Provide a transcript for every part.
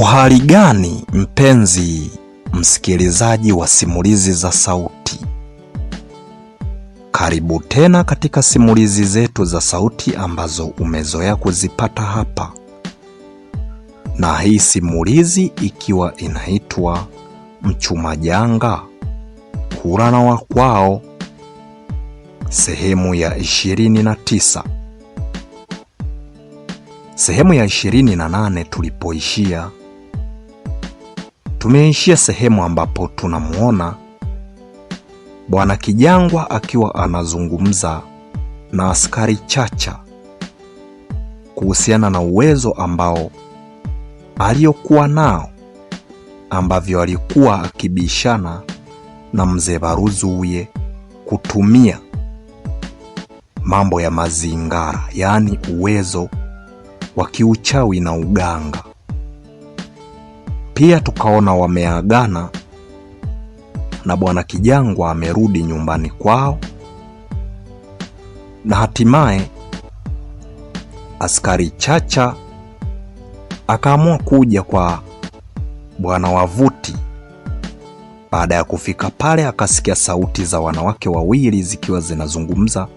Uhali gani mpenzi msikilizaji wa simulizi za sauti, karibu tena katika simulizi zetu za sauti ambazo umezoea kuzipata hapa, na hii simulizi ikiwa inaitwa Mchuma Janga Kura na Wakwao sehemu ya 29. Sehemu ya 28 tulipoishia Tumeishia sehemu ambapo tunamwona Bwana Kijangwa akiwa anazungumza na askari Chacha kuhusiana na uwezo ambao aliyokuwa nao ambavyo alikuwa akibishana na mzee Baruzuye kutumia mambo ya mazingara, yaani uwezo wa kiuchawi na uganga. Pia tukaona wameagana na Bwana Kijangwa amerudi nyumbani kwao, na hatimaye askari Chacha akaamua kuja kwa Bwana Wavuti. Baada ya kufika pale, akasikia sauti za wanawake wawili zikiwa zinazungumza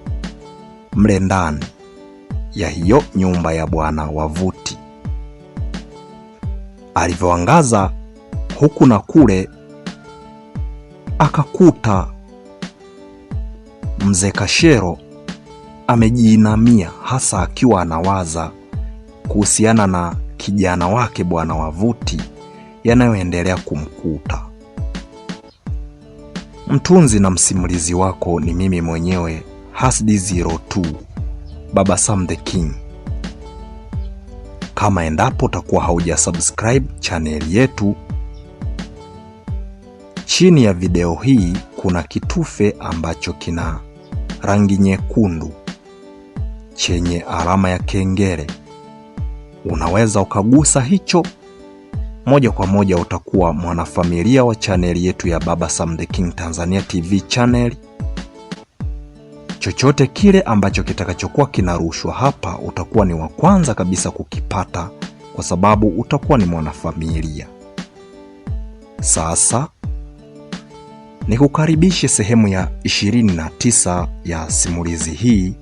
mle ndani ya hiyo nyumba ya Bwana Wavuti. Alivyoangaza huku na kule, akakuta mzee Kashero amejiinamia, hasa akiwa anawaza kuhusiana na kijana wake Bwana Wavuti yanayoendelea kumkuta. Mtunzi na msimulizi wako ni mimi mwenyewe Hasdi02, Baba Sam the King kama endapo utakuwa hauja subscribe chaneli yetu. Chini ya video hii kuna kitufe ambacho kina rangi nyekundu chenye alama ya kengele. Unaweza ukagusa hicho moja kwa moja, utakuwa mwanafamilia wa chaneli yetu ya Baba Sam the King Tanzania TV channel chochote kile ambacho kitakachokuwa kinarushwa hapa utakuwa ni wa kwanza kabisa kukipata kwa sababu utakuwa ni mwanafamilia. Sasa nikukaribishe sehemu ya 29 ya simulizi hii,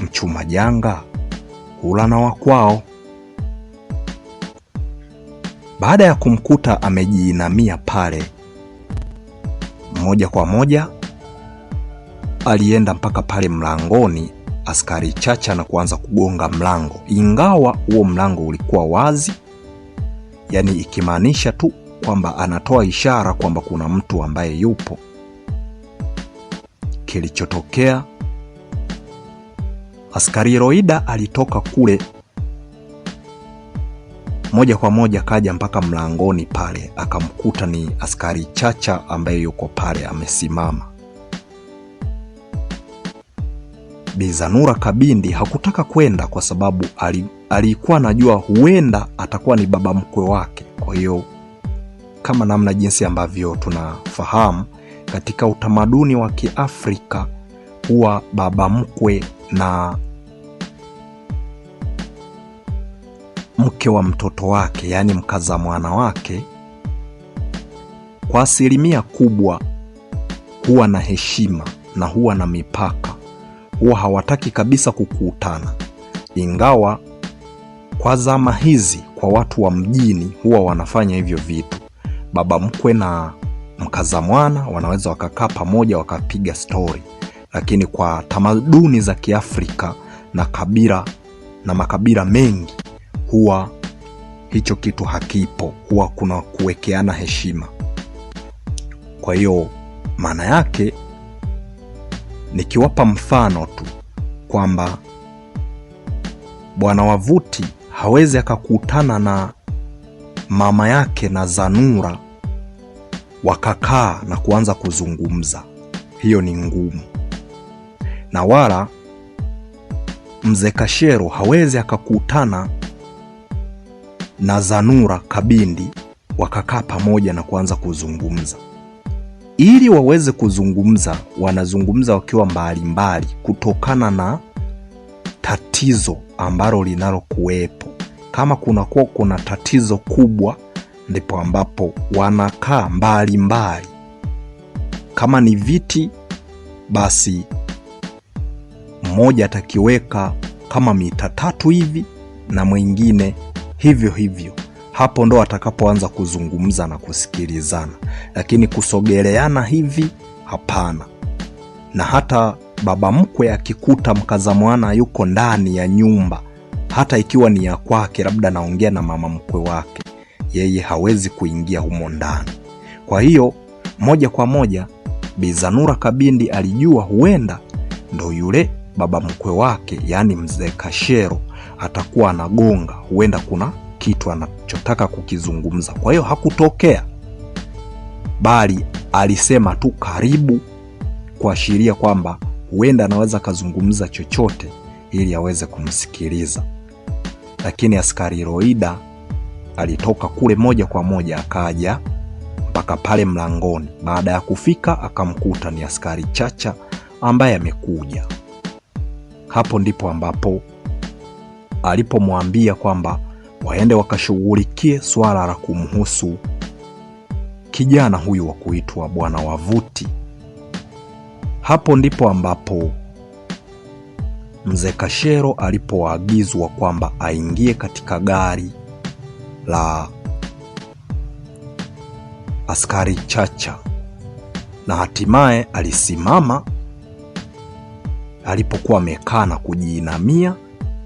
mchuma janga hula na wakwao. Baada ya kumkuta amejiinamia pale, moja kwa moja alienda mpaka pale mlangoni askari Chacha na kuanza kugonga mlango, ingawa huo mlango ulikuwa wazi, yaani ikimaanisha tu kwamba anatoa ishara kwamba kuna mtu ambaye yupo. Kilichotokea, askari Roida alitoka kule moja kwa moja kaja mpaka mlangoni pale, akamkuta ni askari Chacha ambaye yuko pale amesimama. Bi Zanura Kabindi hakutaka kwenda kwa sababu alikuwa anajua huenda atakuwa ni baba mkwe wake. Kwa hiyo kama namna jinsi ambavyo tunafahamu katika utamaduni wa Kiafrika huwa baba mkwe na mke wa mtoto wake, yaani mkaza mwana wake, kwa asilimia kubwa huwa na heshima na huwa na mipaka huwa hawataki kabisa kukuutana, ingawa kwa zama hizi kwa watu wa mjini huwa wanafanya hivyo vitu. Baba mkwe na mkaza mwana wanaweza wakakaa pamoja wakapiga stori, lakini kwa tamaduni za Kiafrika na kabila na makabila mengi huwa hicho kitu hakipo, huwa kuna kuwekeana heshima. Kwa hiyo maana yake nikiwapa mfano tu kwamba bwana Wavuti hawezi akakutana na mama yake na Zanura wakakaa na kuanza kuzungumza, hiyo ni ngumu, na wala mzee Kashero hawezi akakutana na Zanura Kabindi wakakaa pamoja na kuanza kuzungumza ili waweze kuzungumza, wanazungumza wakiwa mbalimbali kutokana na tatizo ambalo linalokuwepo. Kama kunakuwa kuna tatizo kubwa, ndipo ambapo wanakaa mbalimbali. Kama ni viti, basi mmoja atakiweka kama mita tatu hivi na mwingine hivyo hivyo hapo ndo atakapoanza kuzungumza na kusikilizana, lakini kusogeleana hivi hapana. Na hata baba mkwe akikuta mkaza mwana yuko ndani ya nyumba, hata ikiwa ni ya kwake, labda naongea na mama mkwe wake, yeye hawezi kuingia humo ndani. Kwa hiyo moja kwa moja Bi Zanura Kabindi alijua huenda ndo yule baba mkwe wake, yaani mzee Kashero atakuwa anagonga, huenda kuna kitu anachotaka kukizungumza. Kwa hiyo hakutokea, bali alisema tu karibu, kuashiria kwamba huenda anaweza akazungumza chochote ili aweze kumsikiliza. Lakini askari Roida alitoka kule moja kwa moja akaja mpaka pale mlangoni. Baada ya kufika, akamkuta ni askari Chacha ambaye amekuja. Hapo ndipo ambapo alipomwambia kwamba waende wakashughulikie swala la kumhusu kijana huyu wa kuitwa Bwana Wavuti. Hapo ndipo ambapo mzee Kashero alipoagizwa kwamba aingie katika gari la askari Chacha, na hatimaye alisimama alipokuwa amekaa na kujiinamia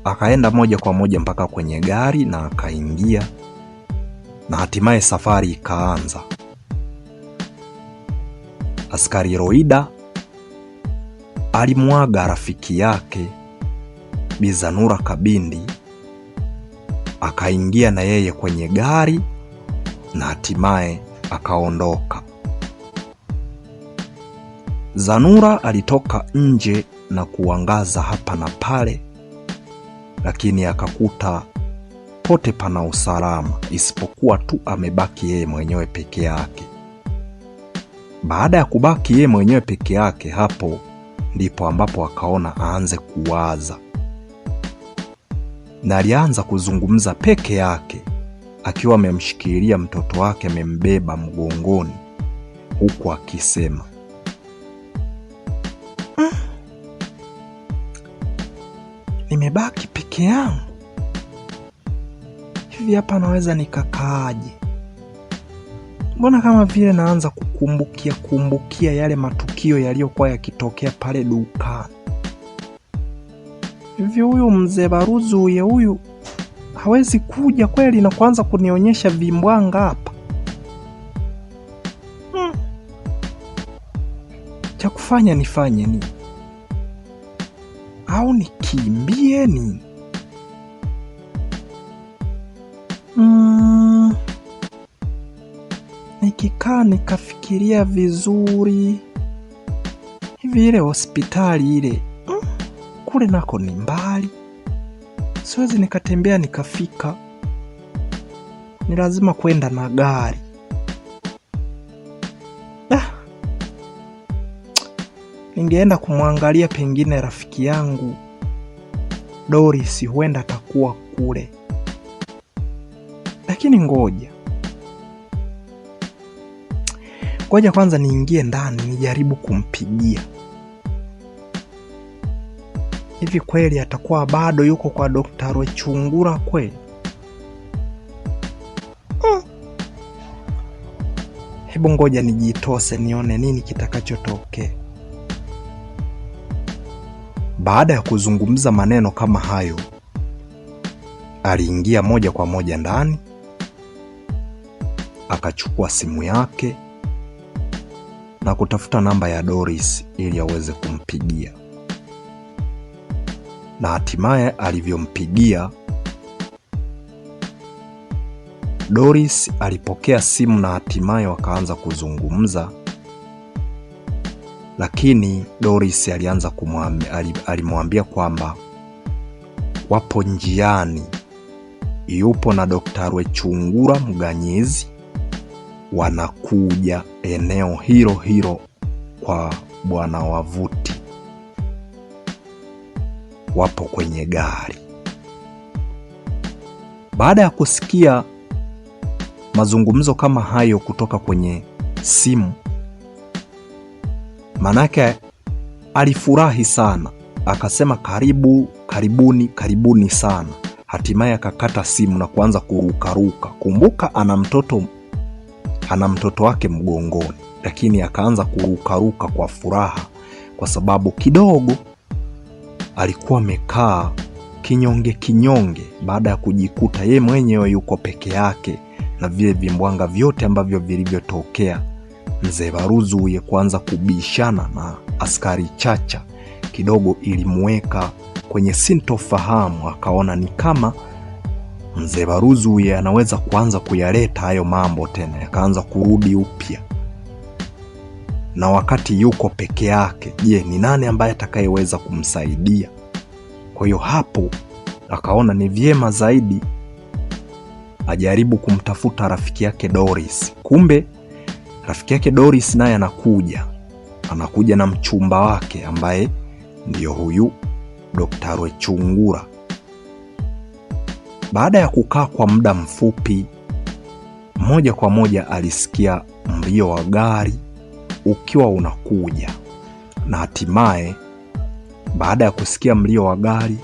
akaenda moja kwa moja mpaka kwenye gari na akaingia, na hatimaye safari ikaanza. Askari Roida alimwaga rafiki yake Bizanura Kabindi, akaingia na yeye kwenye gari na hatimaye akaondoka. Zanura alitoka nje na kuangaza hapa na pale lakini akakuta pote pana usalama isipokuwa tu amebaki yeye mwenyewe peke yake. Baada ya kubaki yeye mwenyewe peke yake, hapo ndipo ambapo akaona aanze kuwaza, na alianza kuzungumza peke yake akiwa amemshikilia mtoto wake, amembeba mgongoni, huku akisema peke yangu? Hivi hapa naweza nikakaaje? Mbona kama vile naanza kukumbukia kumbukia yale matukio yaliyokuwa yakitokea pale dukani. hivyo huyu mzee Baruzu uye huyu hawezi kuja kweli na kuanza kunionyesha vimbwanga hapa? Hmm. Cha kufanya nifanye nini? Au nikimbie nini? Nikikaa nikafikiria vizuri, hivi ile hospitali ile mm, kule nako ni mbali, siwezi nikatembea nikafika, ni lazima kwenda na gari. Ah, ningeenda kumwangalia pengine rafiki yangu Doris, huenda atakuwa kule, lakini ngoja ngoja kwanza niingie ndani nijaribu kumpigia. Hivi kweli atakuwa bado yuko kwa Dokta Rwechungura kweli? Hmm. Hebu ngoja nijitose nione nini kitakachotokea. Baada ya kuzungumza maneno kama hayo, aliingia moja kwa moja ndani akachukua simu yake na kutafuta namba ya Doris ili aweze kumpigia, na hatimaye alivyompigia Doris alipokea simu na hatimaye wakaanza kuzungumza, lakini Doris alianza kumwambia, alimwambia kwamba wapo njiani, yupo na Daktari Wechungura Mganyizi wanakuja eneo hilo hilo kwa bwana wavuti, wapo kwenye gari. Baada ya kusikia mazungumzo kama hayo kutoka kwenye simu, manake alifurahi sana, akasema karibu, karibuni, karibuni sana. Hatimaye akakata simu na kuanza kurukaruka. Kumbuka ana mtoto ana mtoto wake mgongoni, lakini akaanza kurukaruka kwa furaha kwa sababu kidogo alikuwa amekaa kinyonge kinyonge, baada ya kujikuta ye mwenyewe yuko peke yake na vile vimbwanga vyote ambavyo vilivyotokea mzee Baruzu huye kuanza kubishana na askari Chacha kidogo ilimweka kwenye sintofahamu, akaona ni kama mzee Baruzu anaweza kuanza kuyaleta hayo mambo tena yakaanza kurudi upya, na wakati yuko peke yake, je, ni nani ambaye atakayeweza kumsaidia? Kwa hiyo hapo akaona ni vyema zaidi ajaribu kumtafuta rafiki yake Doris. Kumbe rafiki yake Doris naye anakuja, anakuja na mchumba wake ambaye ndiyo huyu Dr. Rwechungura. Baada ya kukaa kwa muda mfupi, moja kwa moja alisikia mlio wa gari ukiwa unakuja, na hatimaye baada ya kusikia mlio wa gari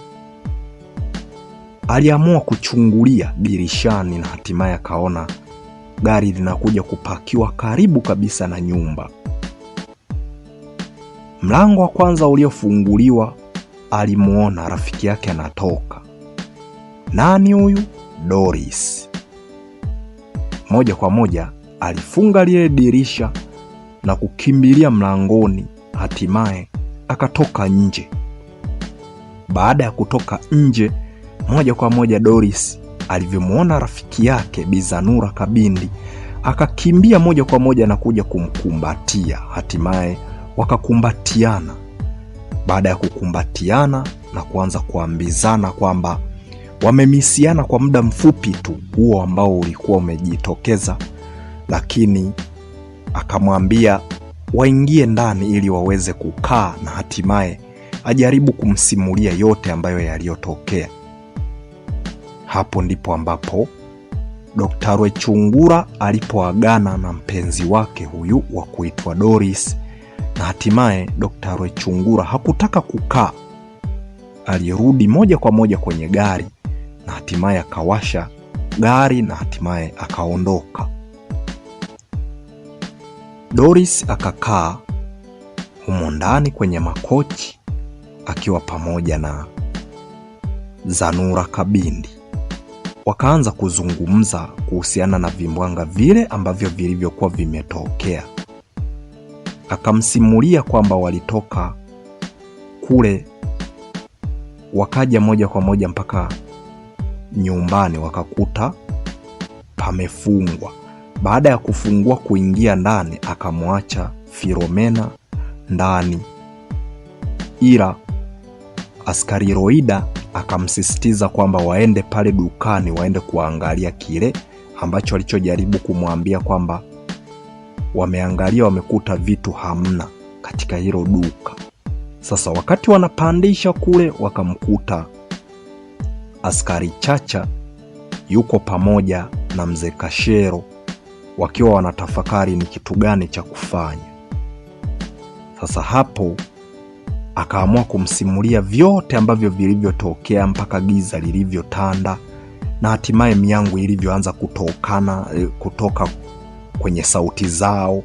aliamua kuchungulia dirishani, na hatimaye akaona gari linakuja kupakiwa karibu kabisa na nyumba. Mlango wa kwanza uliofunguliwa, alimuona rafiki yake anatoka nani huyu Doris? Moja kwa moja alifunga lile dirisha na kukimbilia mlangoni, hatimaye akatoka nje. Baada ya kutoka nje, moja kwa moja Doris alivyomwona rafiki yake Bizanura Kabindi akakimbia moja kwa moja na kuja kumkumbatia. Hatimaye wakakumbatiana. Baada ya kukumbatiana na kuanza kuambizana kwamba wamemisiana kwa muda mfupi tu huo ambao ulikuwa umejitokeza, lakini akamwambia waingie ndani ili waweze kukaa na hatimaye ajaribu kumsimulia yote ambayo yaliyotokea. Hapo ndipo ambapo Dr. Rwechungura alipoagana na mpenzi wake huyu wa kuitwa Doris, na hatimaye Dr. Rwechungura hakutaka kukaa, alirudi moja kwa moja kwenye gari na hatimaye akawasha gari na hatimaye akaondoka. Doris akakaa humo ndani kwenye makochi akiwa pamoja na Zanura Kabindi, wakaanza kuzungumza kuhusiana na vimbwanga vile ambavyo vilivyokuwa vimetokea. Akamsimulia kwamba walitoka kule wakaja moja kwa moja mpaka nyumbani wakakuta pamefungwa. Baada ya kufungua kuingia ndani, akamwacha Filomena ndani, ila askari Roida akamsisitiza kwamba waende pale dukani, waende kuangalia kile ambacho alichojaribu kumwambia kwamba wameangalia, wamekuta vitu hamna katika hilo duka. Sasa wakati wanapandisha kule, wakamkuta Askari Chacha yuko pamoja na mzee Kashero wakiwa wanatafakari ni kitu gani cha kufanya. Sasa hapo akaamua kumsimulia vyote ambavyo vilivyotokea mpaka giza lilivyotanda na hatimaye miangu ilivyoanza kutokana eh, kutoka kwenye sauti zao,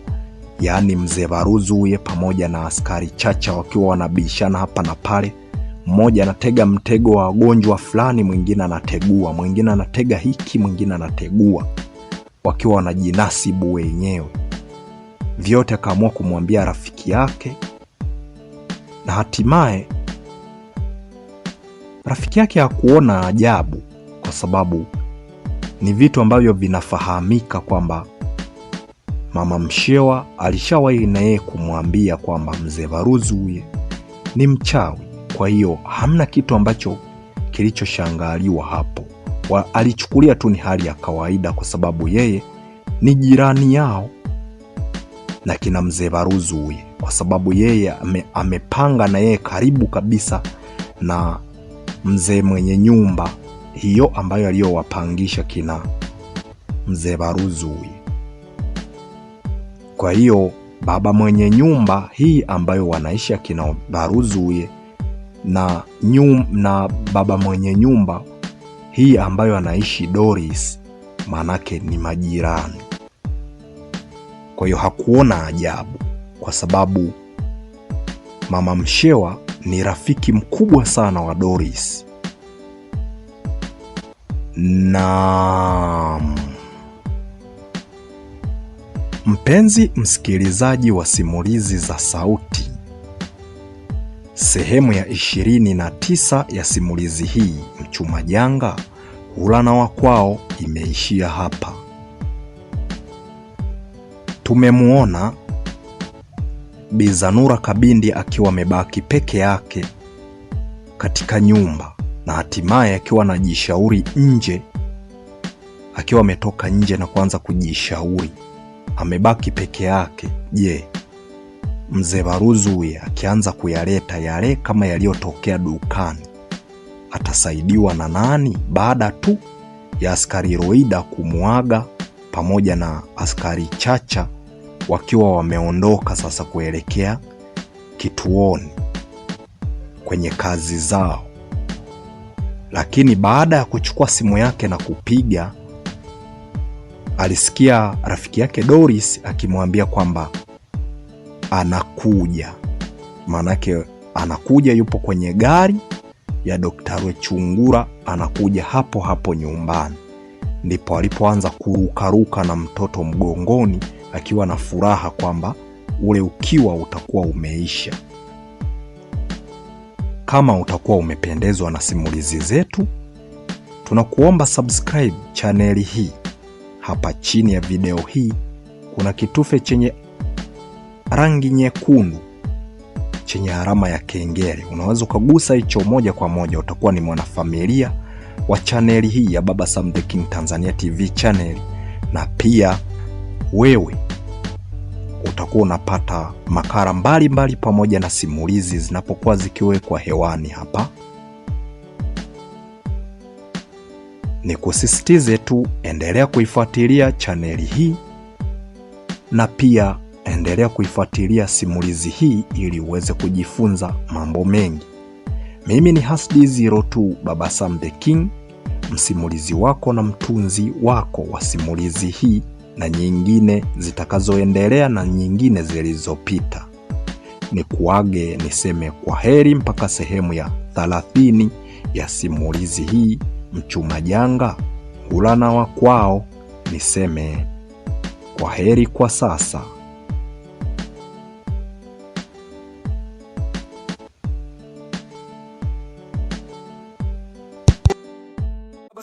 yaani mzee Baruzu huye pamoja na askari Chacha wakiwa wanabishana hapa na pale mmoja anatega mtego wa wagonjwa fulani, mwingine anategua, mwingine anatega hiki, mwingine anategua, wakiwa wanajinasibu wenyewe. Vyote akaamua kumwambia rafiki yake, na hatimaye rafiki yake hakuona ajabu, kwa sababu ni vitu ambavyo vinafahamika kwamba mama Mshewa alishawahi na yeye kumwambia kwamba mzee Baruzu huye ni mchawi. Kwa hiyo hamna kitu ambacho kilichoshangaliwa hapo wa, alichukulia tu ni hali ya kawaida kwa sababu yeye ni jirani yao na kina mzee Baruzu huye, kwa sababu yeye ame, amepanga na yeye karibu kabisa na mzee mwenye nyumba hiyo ambayo aliyowapangisha kina mzee Baruzu huye. Kwa hiyo baba mwenye nyumba hii ambayo wanaishi akina Baruzu huye na, nyum, na baba mwenye nyumba hii ambayo anaishi Doris, maanake ni majirani. Kwa hiyo hakuona ajabu, kwa sababu mama mshewa ni rafiki mkubwa sana wa Doris. Na mpenzi msikilizaji wa simulizi za sauti Sehemu ya ishirini na tisa ya simulizi hii Mchuma Janga hula na wakwao imeishia hapa. Tumemwona Bi Zanura Kabindi akiwa amebaki peke yake katika nyumba na hatimaye akiwa anajishauri nje, akiwa ametoka nje na kuanza kujishauri, amebaki peke yake. Je, Mzee Baruzu huyu akianza kuyaleta yale kama yaliyotokea dukani, atasaidiwa na nani baada tu ya askari Roida kumwaga pamoja na askari Chacha wakiwa wameondoka sasa kuelekea kituoni kwenye kazi zao. Lakini baada ya kuchukua simu yake na kupiga, alisikia rafiki yake Doris akimwambia kwamba anakuja, maanake anakuja, yupo kwenye gari ya Dr. Rwechungura, anakuja hapo hapo nyumbani. Ndipo alipoanza kurukaruka na mtoto mgongoni, akiwa na furaha kwamba ule ukiwa utakuwa umeisha. Kama utakuwa umependezwa na simulizi zetu, tunakuomba subscribe chaneli hii. Hapa chini ya video hii kuna kitufe chenye rangi nyekundu chenye alama ya kengele. Unaweza ukagusa hicho moja kwa moja, utakuwa ni mwanafamilia wa chaneli hii ya Baba Sam The King Tanzania TV channel, na pia wewe utakuwa unapata makala mbalimbali pamoja na simulizi zinapokuwa zikiwekwa hewani hapa. Nikusisitize tu, endelea kuifuatilia chaneli hii na pia endelea kuifuatilia simulizi hii ili uweze kujifunza mambo mengi. Mimi ni Hasdi02 Baba Sam the King, msimulizi wako na mtunzi wako wa simulizi hii na nyingine zitakazoendelea na nyingine zilizopita. Ni kuage niseme kwa heri mpaka sehemu ya thalathini ya simulizi hii. Mchuma janga hula na wa kwao. Niseme kwa heri kwa sasa.